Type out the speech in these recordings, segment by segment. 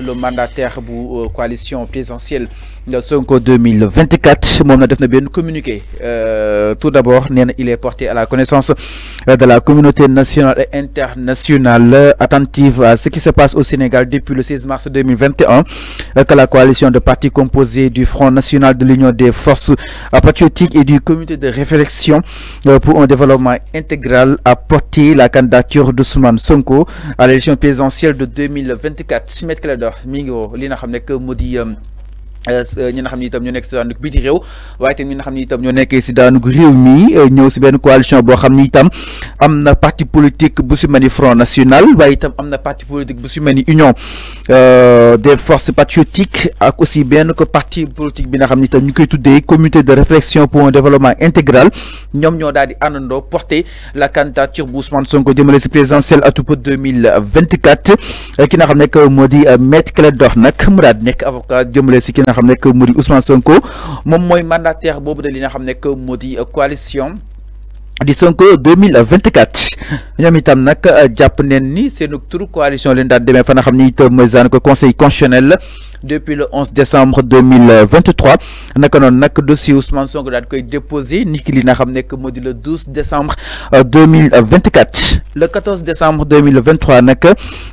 le mandataire pour euh, coalition présidentielle de Sonko 2024 Mon na def na euh, tout d'abord il est porté à la connaissance de la communauté nationale et internationale attentive à ce qui se passe au Sénégal depuis le 16 mars 2021 euh, que la coalition de partis composée du Front national de l'Union des forces patriotiques et du comité de réflexion pour un développement intégral a porté la candidature d'Ousmane Sonko à l'élection présidentielle de 2024. mingo li nga xamne ke modi Euh, euh, ñi nga xamni itam ñu nekk ci daanug biti rew waye itam ñi nga xamni itam ñoo nekkee ci daanug rew mi euh, ñew ci ben coalition bo xamni itam amna parti politique bu si mel Front National waye itam amna parti politique bu si mel ni Union des forces patriotiques ak aussi ben ko parti politique bi nga xamni itam ñu koy tuddé comité de réflexion pour un développement intégral ñom ñoo daal di àndandoo porter la candidature bu Ousmane Sonko ci présidentiel présidentielle atoupa 2024 ki nga xamne ko modi di Maître Clédor nag mu daal di avocat jëmale ci nga xam que moo Ousmane Sonko mom moy mandataire bobu de li nga xamné que modi coalition di Sonko 2024 ñoom nak nag euh, ni seenu turu coalition l'un des demee fa nga xam ni itam conseil constitutionnel depuis le 11 décembre 2023 nak nak dossier Ousmane Sonko daal koy déposé ni ki li nga xam nekk le 12 décembre 2024 euh, le 14 décembre 2023 nak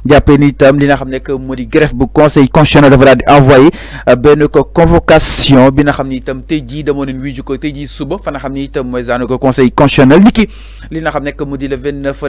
jàppee ni itam li nga xam nekk greffe du conseil constitutionnel dafa daal di envoyé euh, convocation bi nga xam ni itam tey jii damoo neen suba fa nga xam ni conseil constitutionnel ni li nga le 29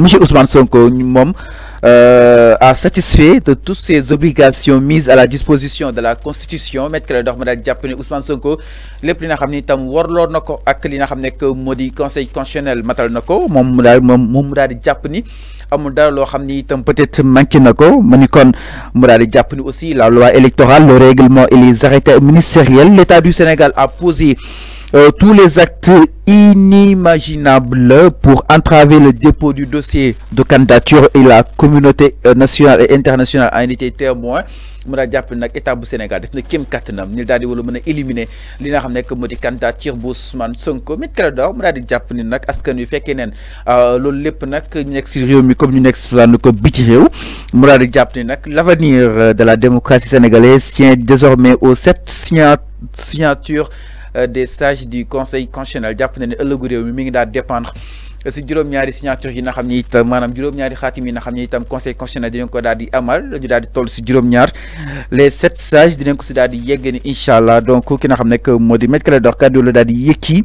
Monsieur Ousmane Sonko euh, a satisfait de toutes ses obligations mises à la disposition de la constitution maître Ousmane Sonko a li c'est ak conseil constitutionnel matal peut-être manqué aussi la loi électorale le règlement et les arrêtés ministériels l'État du Sénégal a posé euh, tous les actes inimaginables pour entraver le dépôt du dossier de candidature et la communauté euh, nationale et internationale en été témoin. mu daal nak état du Sénégal def na kim kattanam ñu daal di wala mën éliminer li nga xam ne que moo candidature bu Ousmane Sonko mit kala daaw mu di japp ni nak askan wi fekkee euh loolu lepp nak ñu nekk si réew mi comme ñu nek si wàllu ko biti réew mu di japp ni nak l'avenir de la démocratie sénégalaise tient désormais aux sept signatures euh, des sages du conseil constitutionnel jàpp na ne réew mi mi ngi daal dépendre si juróom-ñaari signature yi nga xam ne itam maanaam juróom-ñaari xaatim yi nga xam ne itam conseil constitutionnel dinañ ko daal di amal ñu daal di toll si juróom-ñaar les sept sages dinañ ko si daal di yegg ni incha allah donc ki nga xam ne moo di Maître Clédor Ka daal di yëkki.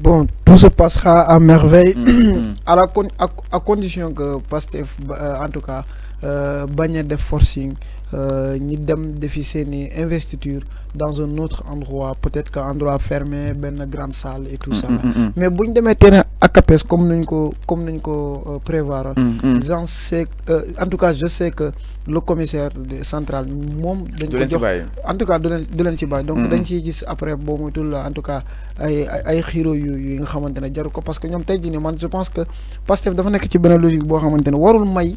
bon, tout se passera à merveille, mm, mm. à, la condition que Pastef, euh, en tout cas, euh, de forcing, euh, ñi dem defi investiture dans un autre endroit peut-être qu'un endroit fermé une grande salle et tout mm, ça mm, mm, mais bon, de demee à capes, comme nous ko comme nañ ko euh, prévoir j'en sais euh, en tout cas je sais que le commissaire central mom, dañ ko en tout cas du leen ci donc dañ ciy gis après boo moytul en tout cas ay ay xiro yu yu nga xamante ne parce que ñoom tey jii nii man je pense que pasteur dafa nekk ci benn logique boo xamante warul may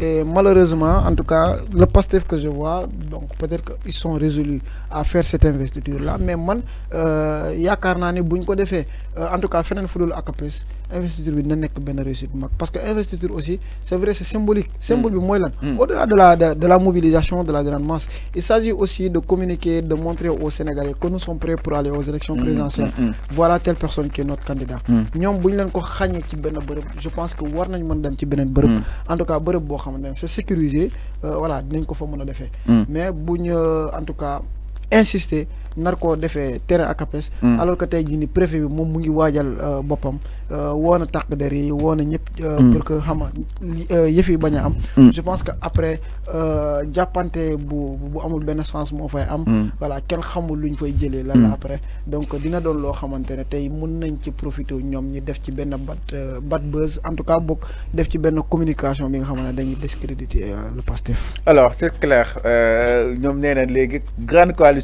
Et malheureusement, en tout cas, le PASTEF que je vois, donc peut-être qu'ils sont résolus à faire cette investiture-là. Mais moi, il y a carnane beaucoup de En tout cas, Fenen faut Akapes, investiture n'est que ben réussite. Parce que investiture aussi, c'est vrai, c'est symbolique. Symbole mm. mm. Au-delà de la, de, la mobilisation de la grande masse, il s'agit aussi de communiquer, de montrer aux Sénégalais que nous sommes prêts pour aller aux élections mm. présidentielles. Voilà telle personne qui est notre candidat. je pense que nous devons aller en tout cas, c'est sécurisé euh, voilà d'un ko fa fait hmm. mais bon euh, en tout cas insister nar défé defee terrain ak APES mm. alors que tey jii ni préfet bi mom mu ngi waajal euh, euh woon a tàq der yi woon a ñëpp euh, mm. pour que xama euh, yëf yi baña a am mm. je pense que après euh, japanté bu bu amul ben sens mo fay am voilà kenn xamul luñ fay jëlé lan la après donc dina doon lo xamante tay tey nañ ci profiter ñom ñi def ci ben bat bat buzz en tout cas bok def ci ben communication bi nga xamante ne dañuy discréditer le Pastef alors c'est clair euh, ñom na légui grande coalition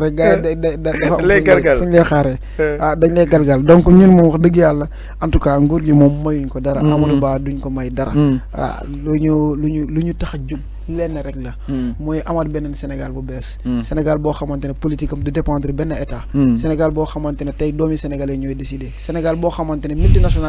wax rek. gars yi eh. da da dafa am fu ñu lay xaaree. Eh. ah dañ lay galgal donc ñun moom wax dëgg yàlla en tout cas nguur gi moom mayuñ ko dara. Mm-hmm. Amadou Ba duñ ko may dara. Mm-hmm. ah lu ñu lu ñu lu ñu tax a jub lenn rek la. moy hmm. amaat benen Sénégal bu bees. Hmm. Sénégal bo xamante ne politique du dépendre benn état. Hmm. Sénégal bo xamante tay domi sénégalais ñoy décider Sénégal bo xamante ne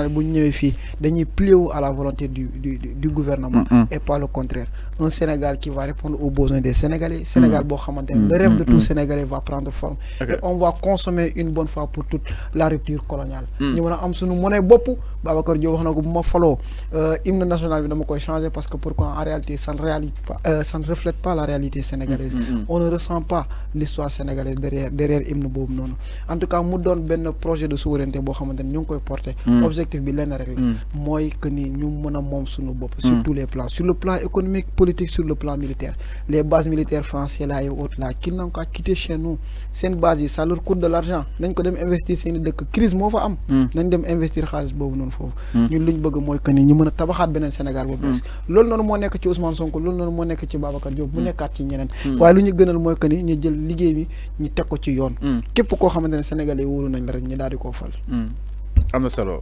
bu ñëwé fi dañuy plier à la volonté du du gouvernement. et pas le contraire un Sénégal qui va répondre aux besoins des Sénégalais. Sénégal bo xamante le rêve de tout Sénégalais va prendre forme. et on va consommer une bonne fois pour toute la rupture coloniale. ñu on a am suñu monnaie bop Babacar diow wax na ko bu ma euh, hymne national bi dama koy changer parce que pourquoi en réalité sans réalité. Euh, ça ne reflète pas la réalité sénégalaise. Mm, mm, mm. On ne ressent pas l'histoire sénégalaise derrière, derrière Ibn Boum. Non. En tout cas, nous donne un projet de souveraineté que nous avons porté. L'objectif mm -hmm. est de que nous sommes sur tous les plans. Sur le plan économique, politique, sur le plan militaire. Les bases militaires françaises là et autres là, qui n'ont qu'à quitter chez nous. C'est une base, ça leur coûte de l'argent. Nous devons investir, c'est une crise. Nous devons investir dans ce noonu Nous ñun ñu bëgg que ni ñu mën a tabaxaat Sénégal bu bees. loolu noonu moo nekk ci moo nekk ci Babacar Diop mu mm. nekkaat ci ñeneen mm. waaye lu ñu gënal mooy que ñu jël liggéey bi ñu teg ko ci yoon mm. képp koo xamante ne sénégalais yi wóolu nañ la rek ñu daal di fal am na solo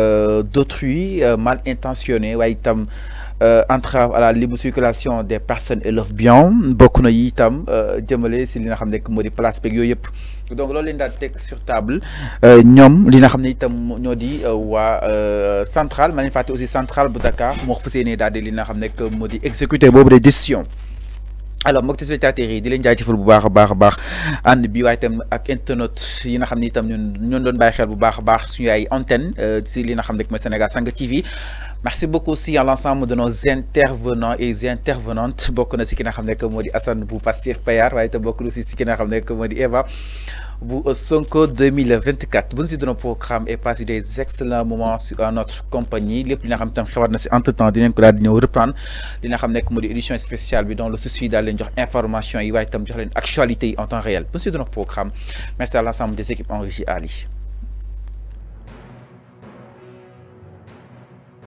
Euh, d'autrui euh, mal intentionné waaye tam entrave euh, à la libre circulation des personnes et leurs biens beaucoup de yi itam jëmale si li nga xam ne moo place donc loolu leen sur table nous li nga xam tam itam ñoo di waa centrale à aussi centrale bu Dakar moo fas yéene de di li nga xam exécuter vos di décisions alors mbokk téléspectateurs yi di len jaajëfal bu baax a baax a baax ànd bi way tam ak internet yi nga xamni tam itam ñun ñoon doon bay xel bu baax a baax suñu ay antenne ci euh, li nga xam ne Sénégal sang TV merci beaucoup aussi à l'ensemble de nos intervenants et intervenantes bokku na ci ki nga xam ne modi di Assane bu Pastef Payar waaye itam bokku aussi ci ki nga xam ne modi Eva bu Sonko 2024 Bonjour ñu si programme est passé des excellents moments sur euh, notre compagnie lépp plus xam tam entre temps dinañ ko daal di reprendre li xam une édition spéciale bi dans le souci d'aller jox information yi actualité en temps réel Bonjour de notre programme merci à l'ensemble des équipes en régie Ali